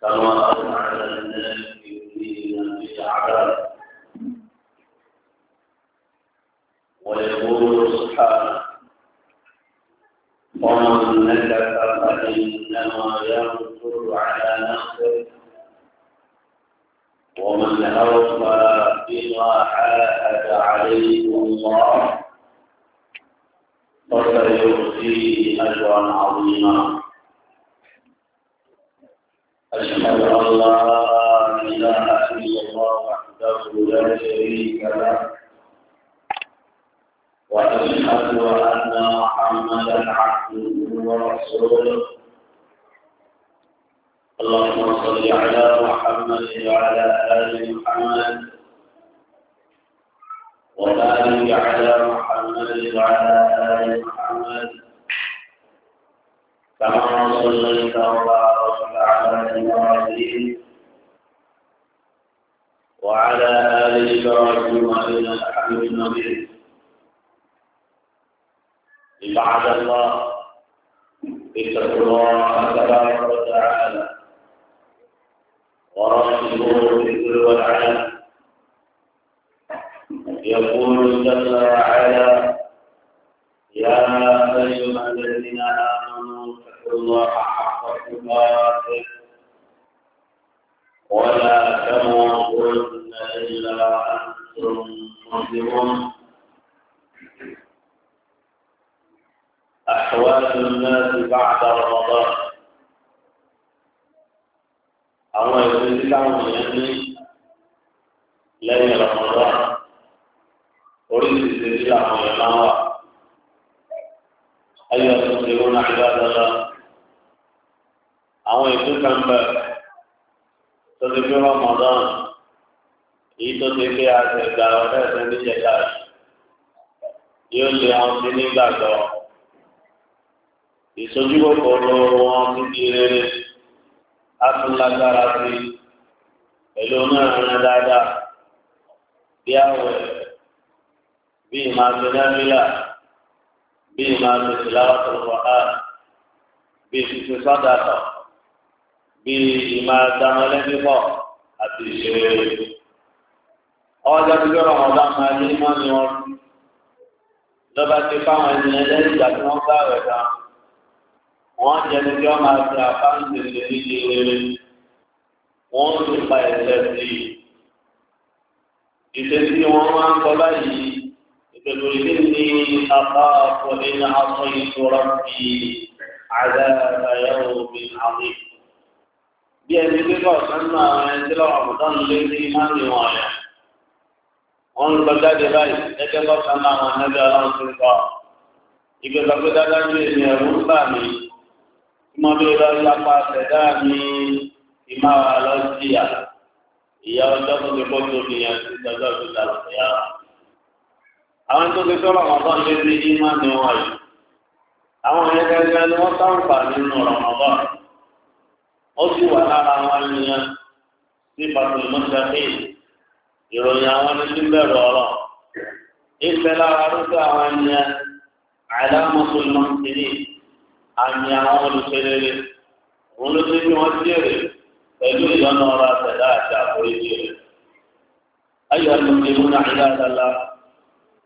كما أفعل الناس في العذاب ويقول سبحانه ومن نكث فإنما ينكر على نفسه ومن أوفى بما عاهد عليه الله فسيؤتيه أجرا عظيما أشهد أن لا إله إلا الله وحده لا شريك له وأشهد أن محمدا عبده ورسوله اللهم صل على محمد وعلى آل محمد وبارك على محمد وعلى آل محمد كما صليت وباركت على إبراهيم وعلى آل إبراهيم إنك حميد مجيد عباد الله اتقوا الله تبارك وتعالى ورسوله في كل والعالم يقول جل وعلا يا ايها الذين امنوا ولا تموتن إلا أنتم مسلمون أحوال الناس بعد رمضان أما يريد لهم يعني ليل رمضان أريد الدليل على الله ayé ọ̀sẹ̀ ìwọ náà ìlú àdàlà àwọn ètò kan bẹ̀ tọ́jú pé Ramadan èyí tó ti pé àtẹ̀gbà ọ̀rẹ́ ẹ̀sẹ̀ níjẹ̀dá yóò lé àwọn sí nígbàgbọ́ ìsojúkòkòrò wọn ti di rere á sí pẹ̀lú náà dáadáa bí àwẹ̀ bí ìmọ̀ àti náà bíi máa ṣe ìlàwọ́ tó wà á bíi ṣíṣe sọ́dà tọ̀ bíi ìmáa dámọ́lẹ́bí pọ̀ àti ìṣeré. ọjọ́ tí lọ́rọ̀ wọn bá máa ní mọ́ ni wọn lọ́ba ti fáwọn ènìyàn lẹ́yìn ìgbà tí wọ́n gbà rẹ̀ tán wọ́n jẹni tí wọ́n máa ṣe àfáǹsì lè ní ìrere wọ́n ń pa ẹ̀sẹ̀ sí i. ìṣesí wọn máa ń kọ báyìí. فذلني أخاف إن عصيت ربي عذاب يوم عظيم بأن يقول سنة ينزل رمضان للإيمان وعيا وأن بدأت باي يقول سنة ونبي الله سلطة يقول لقد أدعني يا رباني ما بيرا يقع سداني إما على الزيادة ìyá ọjọ́ tó ti kọ́ tóbi yẹn àwọn tó ti tọ́lọ̀ ọ̀tọ́ lé ní ìmá ni wọ́n yìí àwọn yẹn gẹ́gẹ́ ni wọ́n sáǹfà nínú ọ̀rọ̀mọ̀bọ̀ ó sì wà lára àwọn ènìyàn sí pàtàkì ìròyìn àwọn ní sí bẹ̀rù ọ̀rọ̀ ìfẹ́ lára rúkọ àwọn ènìyàn àìlámọ̀sọ̀lọ́ kiri àmì àwọn olùṣèlérí òun ló ti ní wọ́n jèrè pẹ̀lú ìlànà ọ̀rọ̀ àtẹ̀dá àti àforíjì rẹ̀ ayọ̀ àti òkè múnà ìlà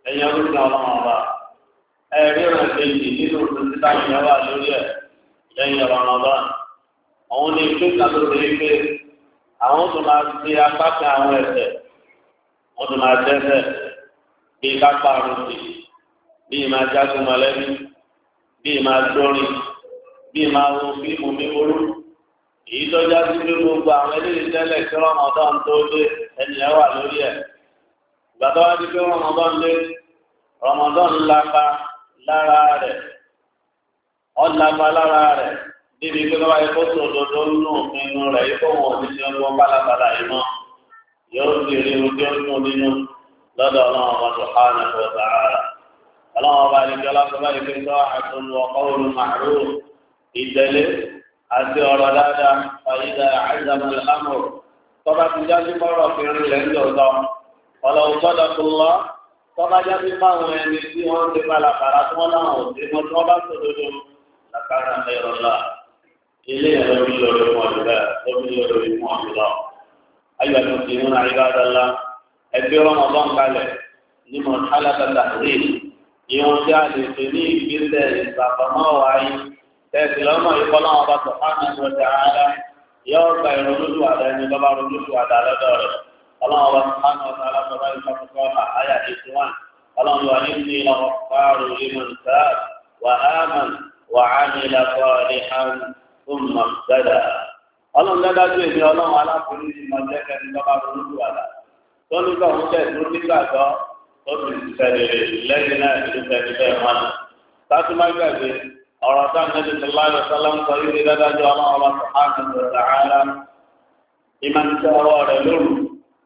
ẹ̀yin ọdún kan ọlọ́run ọba ẹ̀rí ọ̀rọ̀ kejì nínú òṣèlú táwọn èèyàn wà lórí ẹ̀ lẹ́yìn ọ̀rọ̀ ọba òun ni ìgbésà tó ṣe wípé àwọn tó máa ṣe apá kan àwọn ẹ̀ṣẹ̀ wọ́n tó máa dẹ́ṣẹ̀ bíi kápá àrùntì bíi máa jágun mọ̀lẹ́bí bíi máa dọ́rin bíi máa wo fíìmù mímúrú èyí tó já pé gbogbo àwọn eléyìí tẹ́lẹ̀ kí ọmọ ọ̀dọ́ ń tó dé ẹnìyàn wà lórí ẹ̀ gbàtọ́ wá di pé rọmọdán lé rọmọdán lápá lára rẹ̀ ọ̀làpá lára rẹ̀ níbi pé wáyé kó tó dodo nù nínú rẹ̀ yìí kó wọn ti ṣe wọn pálapàla yìí mọ́ yóò sì rí irun tí ó nù nínú lọ́dọ̀ ọlọ́run ọmọ tó há ní kò sàárà ọlọ́run ọba àdìjọ́ lásán báyìí pé sọ àtúnwò ọkọ̀wòlù màrú ìtẹ̀lé àti ọ̀rọ̀ dáadáa ọ̀yídà àìsàn ìlámù tọ́ba ti jáde kọ́rọ̀ fi rí lẹ́ńdọ̀ sọ ọlọ́run gbọ́dọ̀ tó lọ tọ́ba jáde fáwọn ẹni tí wọ́n ti balabala tí wọ́n láwọn òde wọn tí wọ́n bá sòdodo làkàrà ẹ̀rọ la ilé ẹ̀rọ mi lọ́dọ̀ fún ọdún bẹ́ẹ̀ ó mi lọ́dọ̀ fún ọdún lọ. ayọ̀ tó ti múra ibà dọ́là ẹgbẹ́ ọmọ bọ́n kalẹ̀ ní mọ̀ alákàtà rí ìwọ̀n tí a lè ṣe ní ìgbésẹ̀ ìgbàpamọ́ wáyé tẹ̀sí lọ́nà ìfọ́nà ọba sọ̀fánà ìwọ̀n tí ọlọ́run wa sùpánù ọ̀tá aláṣọba ìfọ̀kọ́ àyà eighty one ọlọ́run wa ní ní ìlọ́wọ́ fáàrù ìmọ̀n sáà wà ámàn wà ámìlà kọ́ọ̀lì hàn fún mọ̀tẹ́dà. ọlọ́run dájú èmi ọlọ́run alákùnrin ní mọ̀tẹ́kẹ́ ní bàbá burúkú àlà tó ní bá òun tẹ̀ tó nígbàgbọ́ tó sì tẹ̀lé lẹ́yìn náà ìlú tẹ̀lé bẹ́ẹ̀ mọ́nà. sátúmágbàgbé ọ̀rọ̀ sáà nẹ́bí sọláyọ̀ sọlá ń sọ yìí dájú ọlọ́run wa sùpánù ọ̀tá aláṣọ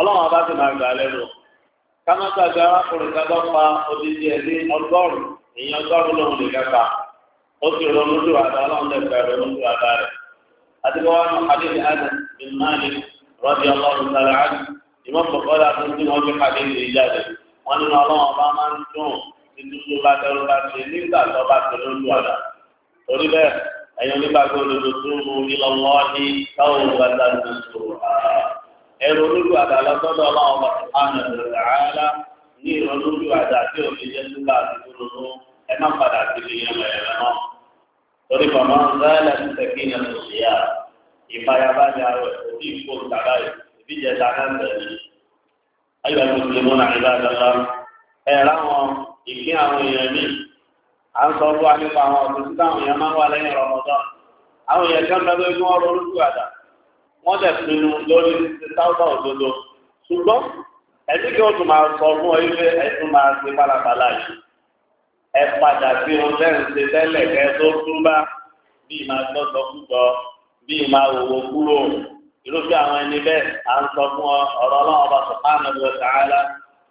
ọlọ́run ọba ti máa gbà lẹ́nu kámọ́tàgbà arákùnrin kan lọ́pa odidi ẹ̀dí ọgọ́rùn-ún ìyẹn ọgọ́rùn-ún lòun lè kẹfà ó sì ronú tó àdá ọlọ́run lẹ́fẹ̀ẹ́ ronú tó àdá rẹ̀ adigunwa muhadi ni ana bin mali rọ́bì ọlọ́run sára á ìmọ̀ bọ̀kọ́lá tó ń tí wọ́n fi pàdé ìlú ìjáde wọ́n nínú ọlọ́run ọba máa ń dùn títí tó bá dẹrù bá ṣe nígbà tó bá ṣe lójú àdá torí bẹ́ẹ̀ ẹ̀yin onígbàgbọ́ olódodo tó ní táwọn ìgbà ẹ̀rọ olójú àdá lọ́sọ́dọ̀ ọlọ́run ọba ààrẹ rẹ̀ ààlà ní ìrọ̀ olójú àdá tí ò nígbà àdúgbò ẹ má padà sí ilé yẹn torí bàmá ti tẹ̀kí ní òbí náà ìlà dọ́lá ẹ̀ ráwọn ìpín àwọn èèyàn mi à ń sọ fún wa nípa àwọn ọ̀sùn tí táwọn èèyàn máa ń wà lẹ́yìn wọ́n lè pinnu lórí ti sáwùdà òdodo ṣùgbọ́n ẹ̀mí kí wọ́n tún máa sọ fún ọ ilé ẹ̀tún máa ṣe balabala yìí ẹ padà sí ohun lẹ́yìn ṣe tẹ́lẹ̀ kẹ́ tó tún bá bíi máa gbọ́dọ̀ púpọ̀ bíi máa wòwò kúrò irúfẹ́ àwọn ẹni bẹ́ẹ̀ à ń sọ fún ọ̀rọ̀ ọlọ́run ọba subhanahu wa ta'ala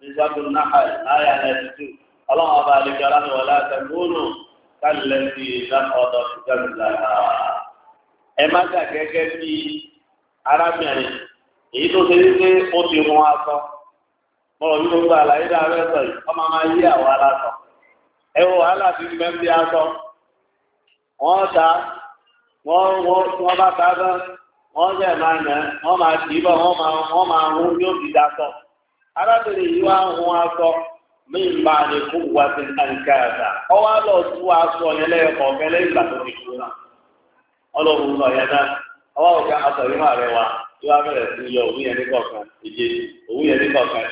nígbàdùn náà láyà lẹ́tìtù ọlọ́run ọba àlejò aláwọ̀ látẹ̀kúnnù kálí arábìnrin èyí tó ṣe wípé ó ti mú aṣọ mọ̀rọ̀ bí gbogbo àlàyé dá abẹ́ sọ yìí ọmọ máa yí àwọn aláṣọ ẹ wàhálà ti ta bá ta máa nà máa í máa hún yóò fi arábìnrin yìí wá mí kó wá sí ẹ̀dá ọwọ́ òkè asọ̀rí máa rẹ wa tí wọ́n bẹ̀rẹ̀ sí yọ òun yẹn nígbọ̀kan ìje òun yẹn nígbọ̀kan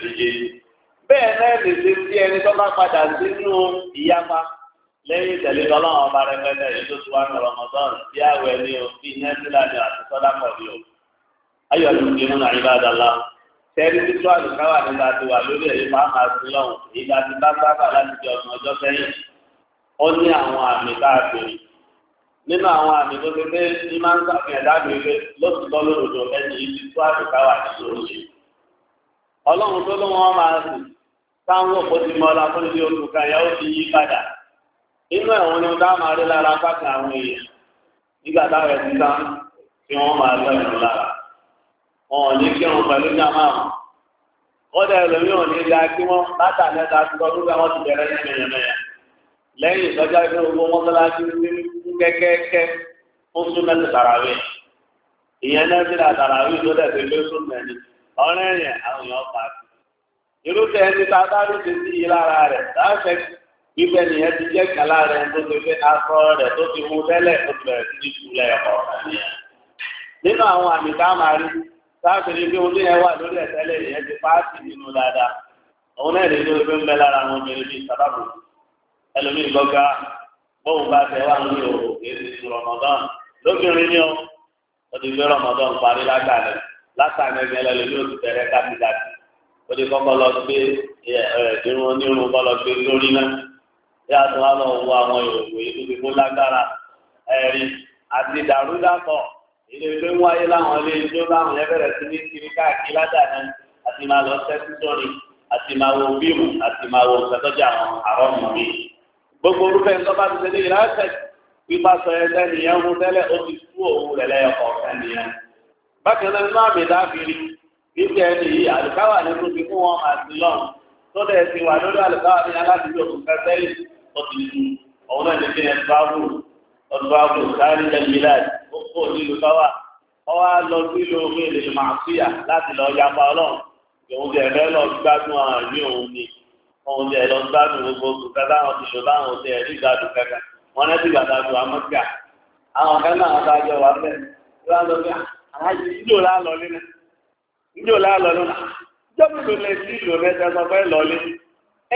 bẹ́ẹ̀ náà lè ṣe sí ẹni tó bá padà sínú ìyapa lẹ́yìn ìtẹ̀lé ọba rẹpẹtẹ yìí tó ti wá ní àwẹ̀ àti o. ayọ̀ ló ti wà lórí máa máa sí lọ́hùn ìgbà nínú àwọn àmì tó ti pé ní máa ń sàmì ẹ̀dá mi pé lóṣùtọ́ lòdòdò ẹni yìí ti tó àbíká wà ní lóṣè. ọlọ́run tó ló wọn máa sìn táwọn òpó ti mọ ọlá tó ní oṣù kan ìyá ó ti yí padà inú ẹ̀wọ̀n ni dá máa rí lára pákà àwọn èèyàn nígbà táwọn ẹ̀sìn tán tí wọ́n máa lọ́ọ̀rùn lára wọn ò ní kírun pẹ̀lú jàmáà wọ́n dẹ̀ lómi ò ní da kí wọ́n látàlẹ́ta tó tọ́jú kẹkẹkẹ fún súnmẹ́tì tàràwí ìyẹn náà ti tàràwí tó dẹ̀ fi lé súnmẹ́ni àwọn èèyàn pa á irúfẹ́ ẹni tá a bá ti sí i lára rẹ̀ láṣẹ gbígbẹ́ nìyẹn ti jẹ́ kan lára ẹni tó ti fi aṣọ rẹ̀ tó ti mú tó ti nìyẹn nínú àwọn àmì tá a máa rí sáàkiri bí wà lórí ìyẹn ti pààtì nínú dáadáa òun náà lè ní ń bẹ lára àwọn obìnrin bíi sábàbù ẹlòmíì bóun bá tẹ wá òru kì í sì rọmọdán lóbìnrin ni ó ó ti gbé rọmọdán parí látàlẹ látàlẹ ní ẹlẹlẹ yóò ti tẹrẹ kábíkàtì ó ti kọ́kọ́ lọ gbé irun onírun kọ́ lọ gbé lórí náà yá tó wá lọ wo àwọn ìròyìn yìí tó ti kó lágbára ẹ̀rí àti ìdàrúdàpọ̀ ilé ìgbé ń wáyé láwọn ilé ìjó láwọn yẹn bẹ̀rẹ̀ sí ní kiri káàkiri ládàáni àti máa lọ sẹ́kù sọ́ni àti máa wo bíìmù àti máa wo ìgbàdọ́jà àwọn àrọ́mù mi. gbogbo orúkọ ẹ̀ ń ti ṣe ní pípa sọ ẹgbẹ́ nìyẹn mú tẹ́lẹ̀ ó ti tú òun rẹ̀ lẹ́yọkọ̀ ọ̀fẹ́ nìyẹn. bákan náà nínú àmì ìdábìrì ìfẹ́ ẹni yìí àlùkáwà ni tó ti fún wọn àti lọ́n tó dẹ̀ ti wà lórí àlùkáwà ní aládùúgbò tó fẹ́ sẹ́yìn ó ti tú òun náà ní kí ẹ tíwáàbù ọtíwáàbù kárí ẹgbẹ́lá ó kó nílùú káwà ọwọ́ lọ sílùú omi ìlú màṣíyà láti lọ yapa ọlọ́run òun ti ẹ̀fẹ́ lọ gbádùn àárín òun ni òun ti ẹ̀ lọ gbádùn wọn náà ti bàtà tó amọ́tíà àwọn kan náà bá jọ wà bẹ́ẹ̀ wọ́n lọ bí aláàjì ìjọ lálọ́ nínú ìjọ lálọ́ nínú jọ́bù ló lè sí ìlò rẹ̀ tẹ́sán fẹ́ lọ́lé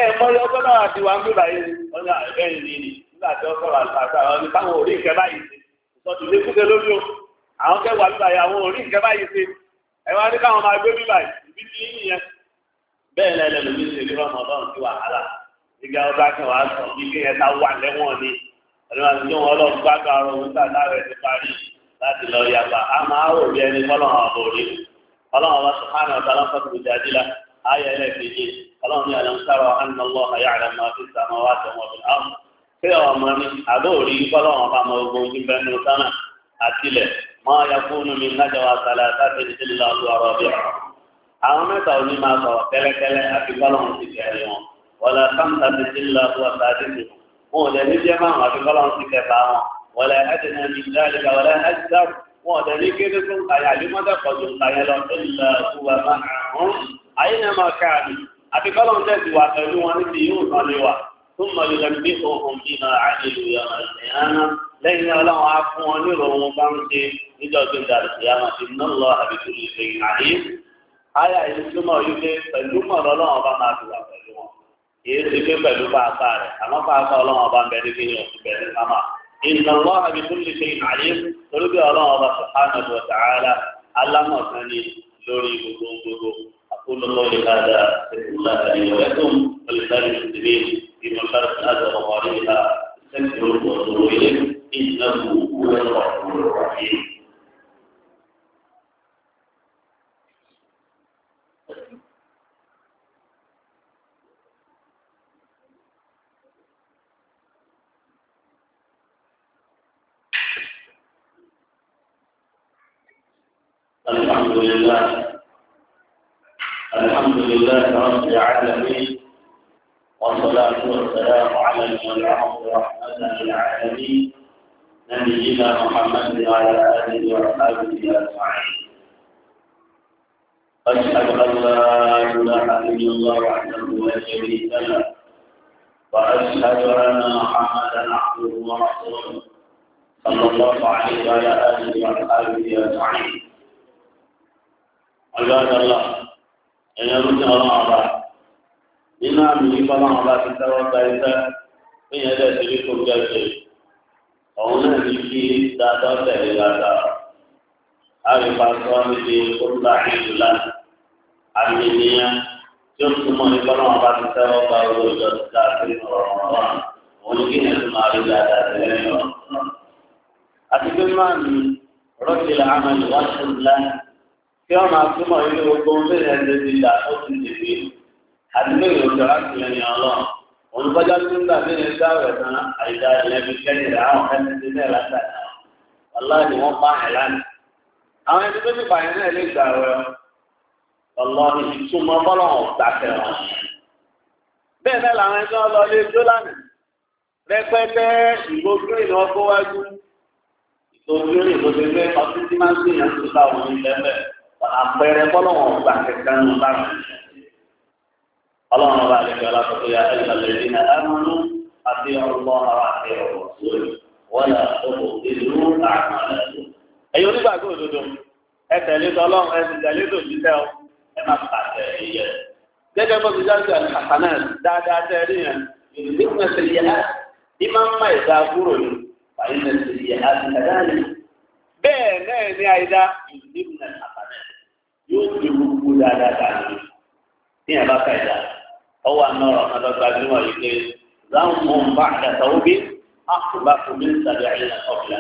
ẹ̀ mọ́lẹ́ ọgbọ́n náà ti wá ń gbé báyìí ọjà ẹ̀yìn ni nígbà tí ó sọ̀rọ̀ àtàtà ọ̀rọ̀ táwọn orí ìkẹ́ báyìí ṣe ìtọ́jú lé kúkẹ́ lórí o àwọn kẹwàá bíbà yìí àwọn orí ìkẹ́ báyìí ṣe ẹ̀ wá ní káwọn máa gbé bíbà ìbí ti yín yẹn bẹ́ẹ̀ lẹ́lẹ́ lómi ṣe ní rọmọdọ́n ti wàhálà ìgbà ọba kan wàá sọ ní kí ẹ ta wà lẹ́wọ̀n ni ẹlẹ́wọ̀n àti yóò wọ́n lọ gbàgbà ọ̀rọ̀ nígbà táwọn ẹni parí láti lọ yàgbà a máa rò bí ẹni fọlọ́n ọ̀bọ̀ rí fọlọ́n ọba sùhánà ọ̀tàlá fọ́tù jàdílà ayé ẹlẹ́kẹ̀jẹ fọlọ́n ní àlọ́nsárọ̀ ànàlọ́ àyàrá máa fi sàmọ́ wá tọmọ bí àwọn pé ọmọ ni àbóòrí fọlọ́n ọba mọ ogun ojú bẹ́ẹ̀ ní sánà àtìlẹ̀ mọ́ yakúnú mi nájà wa sàlẹ̀ àtàkì ìdílé ọ̀rọ̀ bí àwọn mẹ́ta ò ní máa sọ̀rọ̀ kẹ́lẹ́kẹ́lẹ́ àti fọlọ́n ti kẹ́rin wọn wọlé sáńtà ti dìlá ọ̀rọ̀ wọn ò lè ní jẹ́ márùn-ún àti kọ́lọ́run ti kẹta wọn wọ́n lè ẹ́dínà ní ìdáríkà wọ́n lè ẹ́dínà wọn ò lè ní kí nínú àyà àdìmọ́tà pọ̀jù àyà lọ sí ilẹ̀ ìwà márùn-ún ayé náà máa ká àdì àti kọ́lọ́run tẹ̀sí wà pẹ̀lú wọn níbi yóò sọ lé wa tó mọ̀ lè lẹ́nu bí ohun bí máa àdì lẹ́yìn náà ọlọ́run á fún wọn nílò ohun bá ń ṣe níjọ́ tó ń darí èyí ti gbé pẹ̀lú fàáfà rẹ̀ àmọ́ fàáfà ọlọ́run ọba ń bẹ ní kíni oṣù bẹ̀rẹ̀ mama ìnà wọ́n àbí tó lè ṣe ìmàlẹ́ torí bí ọlọ́run ọba subhanahu wa ta'ala alámọ̀sán ni lórí gbogbo gbogbo àkólọ́lọ́ ìlàdà الله رحمة للعالمين نبينا محمد وعلى آله وصحبه أجمعين أشهد أن لا إله إلا الله وحده لا شريك له وأشهد أن محمدا عبده ورسوله صلى الله عليه وعلى آله وصحبه أجمعين عباد الله إن رسول الله nínú àmì ìfọwọ́n ọba ti tẹ́wọ́ kéèyàn dẹ̀ ti rí kó gẹ́gẹ́ ọ̀hún náà ní kí dáadáa tẹ̀lé dáadáa àríwá sọ níbi olùdá ìlú lánàá àmì ènìyàn tí ó túmọ̀ ní bọ́lá wọn bá ti tẹ́wọ́ bá owó ìjọ ti dá sí ọ̀rọ̀ wọn òun ní kéèyàn tó máa rí dáadáa tẹ̀lé ọ̀rọ̀ àti pé máa ní rọ́ọ̀tì làánà ìwà tó ń lánàá kí wọ́n máa túmọ̀ nínú gbogbo ohun tó yẹn ti dà ó ti dìbì àti òun bọ́jà tó ń gbàgbé ní ẹgbẹ́ àwẹ̀ tán àìdá ìyẹn fi kẹ́lẹ̀ rẹ̀ àwọn ẹni tí bẹ́ẹ̀ látàdá ọláàdì wọn pa ẹ̀ lánàá. àwọn ẹni tó ti pààyàn náà lè gbà wẹ̀ ọlọ́ọ̀ni ìtumọ̀ bọ́lọ̀hún gbàtẹ̀ wọn. bẹ́ẹ̀ bẹ́ẹ̀ làwọn ẹni tó lọ lé tó lánàá rẹpẹtẹ ìgò green wọn wájú ìgò green tó ti ọtí tí máa ń gbìyànjú láwọn ilẹ̀ bẹ́ẹ̀ اللهم بارك على يا ايها الذين امنوا اطيعوا الله واطيعوا الرسول ولا تبطلوا اعمالكم ايها الاخوه òdodo ẹ tẹ̀lé tọlọ́run ẹ sì tẹ̀lé tòṣìṣẹ́ ọ ẹ má pàṣẹ ẹyẹ gẹ́gẹ́ bó ti jáde àti hasanẹ dáadáa tẹ ẹ níyẹn ìdílé fún ẹsẹ yẹ á ní máa ń má ìdá kúrò ní fàyè ẹsẹ yẹ á ti kàdá ọwọ́ àná ọ̀rọ̀ kan lọ́gbà jùmọ̀ yìí pé láwọn ohun bá àdàtàwó bí àkùbá kò ní ìsàlẹ̀ àyè náà ọ̀gbìnà.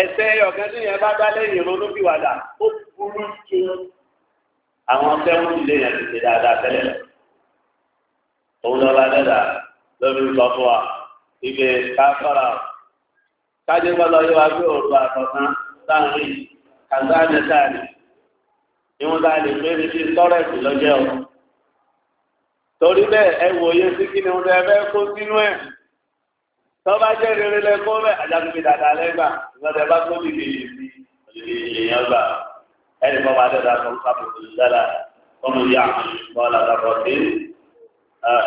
ẹsẹ̀ ọ̀gán tí yẹn bá dá lẹ́yìn ronú bí wàdà ó burú ju àwọn fẹ́wọ́n ilé yẹn ti ṣe dáadáa tẹ́lẹ̀ lọ. òun lọ́ba dẹ́dà lórí sọ fún wa ibẹ̀ káfàrà kájé yóò wá gbé òru àtọ̀tán láàrin kàzáàdì sáàdì ìwọ̀n dáàdì pé ibi tí sọ́rẹ́ẹ̀sì torí bẹ́ẹ̀ ẹ wòye sí kí ni mo fẹ́ fẹ́ kó sínú ẹ̀ tọ́ba jẹ́ rere lẹ kó bẹ́ẹ̀ àjàgbé dàda lẹ́gbà ìgbàdàn bá tó lè lè sí èèyàn gbà ẹni bọ́ bá dẹ́dà tó ń sábò tó dára ọmọ ìyá wọn là dàbọ̀ sí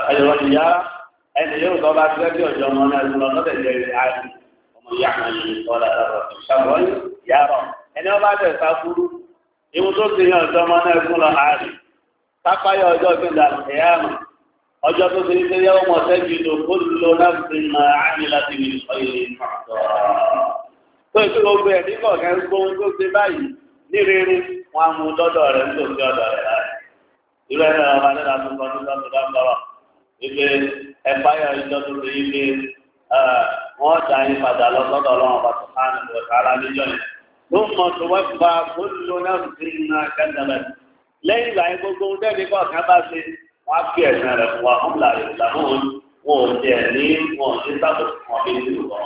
ẹni wọn ìyá ẹni yóò tọ́ bá fẹ́ kí ọjọ́ ọmọ náà lọ lọ́dẹ̀ jẹ́ rẹ̀ áyì ọmọ ìyá wọn là dàbọ̀ sí sábọ̀ yàrá ẹni kápáyà ọjọ́ gbẹ̀dà ẹ̀yàmù ọjọ́ tó ti ṣe yẹ́wọ́ mọ̀ sẹ́jú tó kó lọ láti mọ àmì láti mi ọ̀yẹ̀ ìfọ̀tọ̀. tó ìṣe gbogbo ẹ̀ nígbà ọ̀gá ń gbóhun tó ṣe báyìí ní rere wọn á mú lọ́dọ̀ rẹ̀ ń tòṣe ọ̀dọ̀ rẹ̀ láì. irú ẹ̀rọ ọba nílá tó kọ tó ṣe ibi wọ́n dá yín padà lọ lẹ́yìn ìgbà yẹn gbogbo ohun tẹ́lẹ̀ kọ́ ọ̀kan bá ṣe wọ́n fi ẹ̀sìn rẹ̀ fún wa fún làlẹ́ ìlànà òun wọn ò jẹ́ ní wọn ò ní sábà fún ọmọ ìlú ìgbọ̀n.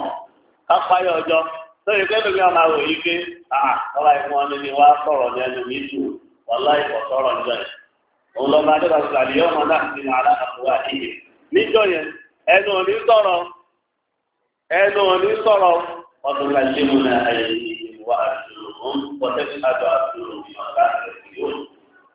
kápáyé ọjọ́ lórí pé ọmọ yìí mi wá sọ̀rọ̀ ní ẹnu mi sọ̀rọ̀ níjọ́ yẹn. òun lọ sọ̀rọ̀ ọmọ náà ti máa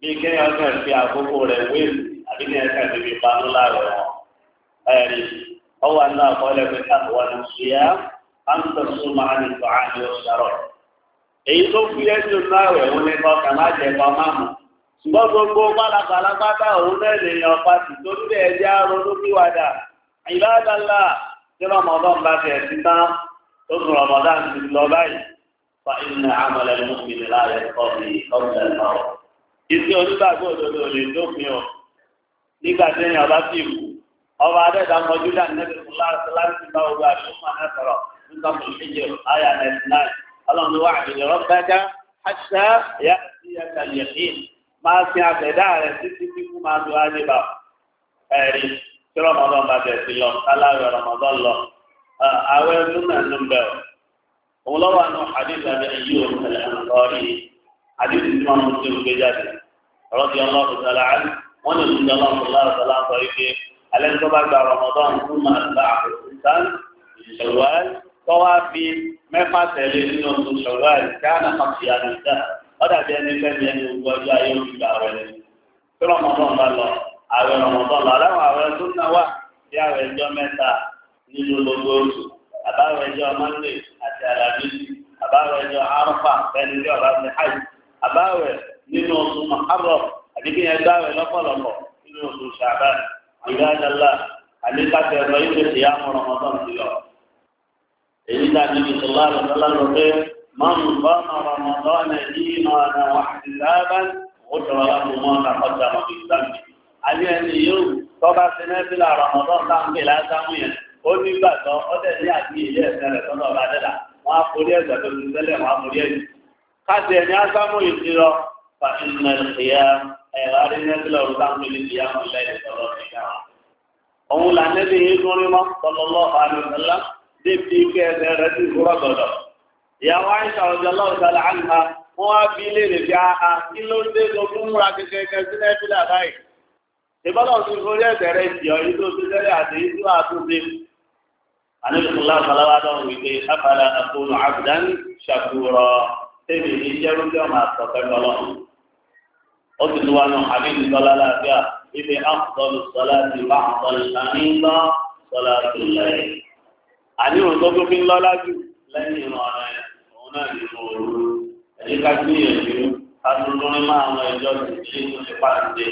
bí kéèyàn kàn fi àkókò rẹ̀ wéèlì àbí kéèyàn kàn fi fi banú láàrọ̀ wọn. ẹ̀rí ọwọ́ àná àkọọ́lẹ̀ pé káàkiri ní ṣìyá á ń tẹ̀sùn máa ní ìtọ́ àmì òṣìṣẹ́rọ̀. èyí tó fi ẹ́jú láàrọ̀ ẹ̀wọ̀n ní kọkàn má jẹ kan má mọ̀. ṣùgbọ́n gbogbo pálápàlápátá òun náà lèèyàn pàṣẹ tó ní ẹ̀jẹ̀ ronú kíwàdà ìbádàlá tí rọmọdán ìsìn onígbàgbọ́ òdodo lè dópin ọ nígbà tí èèyàn bá sì ọba adẹ́ta mọ́jú láti nẹ́bí fún láti bá ogun àdúgbò náà sọ̀rọ̀ nígbà tó ṣe àyà nẹ́tì náà ọlọ́run wà àṣà sí ẹ̀ka yẹ̀kí máa sin àbẹ̀dá rẹ̀ títí tí máa lo ẹ̀rí tí rọmọdún bá bẹ̀ sí lọ aláwẹ̀ rọmọdún lọ àwẹ̀ bẹ̀ rọ́bì ọlọ́ọ̀bù sọlá àlù wọ́n ní ìdílé ọlọ́ọ̀bù sọlá sọlá sọ wípé alẹ́ tó bá gba rọmọdán fún màlúbà àkùsùn ṣọwọ́n tọ́wá fi mẹ́fà tẹ̀lé nínú oṣù ṣọwọ́n káàná pàṣẹ àdìsá ọ̀dà bí ẹni fẹ́mi ẹni gbogbo ọjọ́ ayé ojú ìgbà rẹ̀ ni tí rọmọdán bá lọ àwẹ̀ rọmọdán lọ aláwọ̀ àwẹ̀ tó ń náwà bí àwẹ̀ ẹjọ́ mẹ́ta nínú gbogbo oṣù àbáwọ̀ ẹjọ́ mọ́ndé àti àlàbí àbáwọ̀ ẹjọ́ arọ́fà fẹ́ni bí ọ̀rọ̀ àti háì àbáwẹ̀ nínú oṣù mahamọ àdébí yẹn gbá rẹ lọ́pọ̀lọpọ̀ nínú oṣù ṣàbá ìgbàdàlá àdébàtẹ ọ̀rọ̀ ìgbè tí a mọ̀rọ̀ ọmọdé ti lọ. èyí tá a ní bí sọlá rẹ lọ́la lọ pé máa ń bá ọmọ ọmọdé ọ̀nà yìí máa nà wà síláàbà ó tọrọ láti mọ ọ̀nà kọjá ọmọdé ìgbàmì. alẹ́ ẹni yóò tọ́ba sinẹ́fìlà ọmọdé ọ̀nà láàmú yẹn ó ní gbàgbọ́ ọdẹ ní àgbéyẹ̀lẹ́ ẹ̀sẹ̀ rẹ̀ tọ́lọ́ فإن القيام أيغارنا بلا رضام للقيام الليل صلى الله عليه òun là níbi ìgbóni mọ́ tọ́lọ́lọ́ àlùfẹ́lá débi kẹ́ ẹ̀sẹ̀ rẹ̀ ti gbúrọ̀ gbọ̀dọ̀. ìyàwó àìsàn ọ̀jọ̀lọ́ ìsàlẹ̀ àná wọn á bí léèrè bí a kí ló dé tó fún múra kẹ̀kẹ́ sí nẹ́fílà báyìí. ìbọ́lọ̀ ti forí ẹ̀sẹ̀ rẹ̀ jì ọ́ yìí tó ti tẹ́lẹ̀ àti yìí tó àtúnṣe. àníbùsùnlá sàlàwà dọ̀rùn wípé afala àkóónù àbùdá ní ṣàkúrọ̀ tẹ́lẹ̀ ní jẹ́rú قلت وانا حبيب صلى الله عليه وسلم افضل الصلاه بعد الخميسه صلاه الليل ani o tọ́jú fi ń lọ lájú lẹ́yìn ìmọ̀ràn ẹ̀ òun náà ní mo rú ẹ̀yí ká gbìyànjú adúlórí máa wọn ẹjọ́ sì ní mo ti pàṣẹ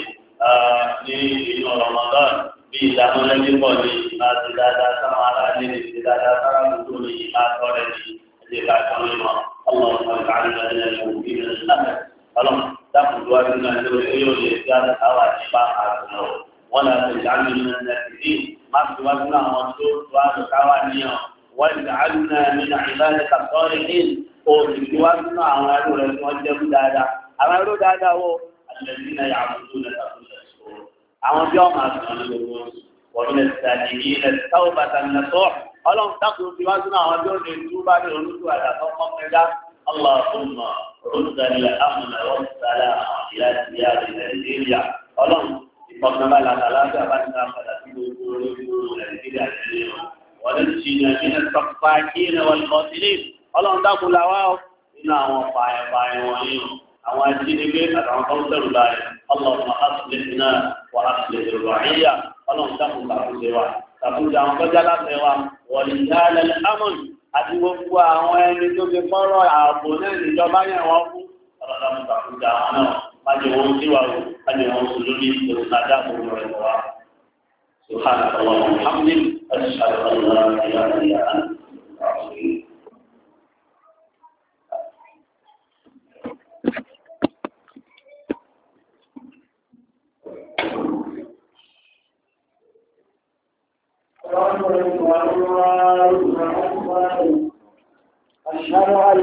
ní ìlú ọ̀rọ̀mọ̀dọ́n bí ìdáná lẹ́yìn pọ̀ ní láti dáadáa sáwọn aráàlú ní ti dáadáa sára gbogbo ní ìlàtọ̀ rẹ̀ ní ẹ̀yí ká gbọ́n mímọ́ ọlọ́run ọlọ́run. تقضوا أن الحيول يزداد حوالي بعض ولا تجعلنا من الناسين ما سوانا منصور سؤال حوالي واجعلنا من عبادك الصالحين وسوانا عملوا لكم وجبوا دادا عملوا دادا هو الذين يعبدون تقول الشهور عمل يوم أسمان ومن السالمين التوبة النصوح ألم تقضوا سوانا عملوا لكم وجبوا دادا اللهم رد الأمن والسلام إلى ديار نيجيريا ọlọ́run ìfọ̀kànbá làtàlágbà bá ti náà padà sí gbogbo olóògbé nàìjíríà nílé o wọ́n ti ṣìyàn ní ẹ̀sọ́pá kí ní wọ́n lọ sílé ọlọ́run dákun la wá o nínú àwọn pààyàn wọ̀nyí o àwọn ajínigbé àtàwọn tó ń sẹ̀rù láàyè ọlọ́run àtúnlẹ̀ náà wà àtúnlẹ̀ yorùbá ẹ̀yà ọlọ́run dákun làkúnṣe wa làkúnṣe àwọn kọjá láfẹ́ wa wọ̀nyí dáálẹ̀ amọ̀nù àti gbogbo àwọn ẹni tó fi fọ́rọ̀ ààbò náà níjọba yẹn wọ́n fún ọlọ́dàmú tàkùjà àwọn náà májè wọn sí wa o májè wọn sùn lórí ìṣòro nàdá gbogbo rẹ̀ wá. سبحان الله وبحمده أشهد أن لا إله إلا أنت أستغفرك الله الله أشهد أن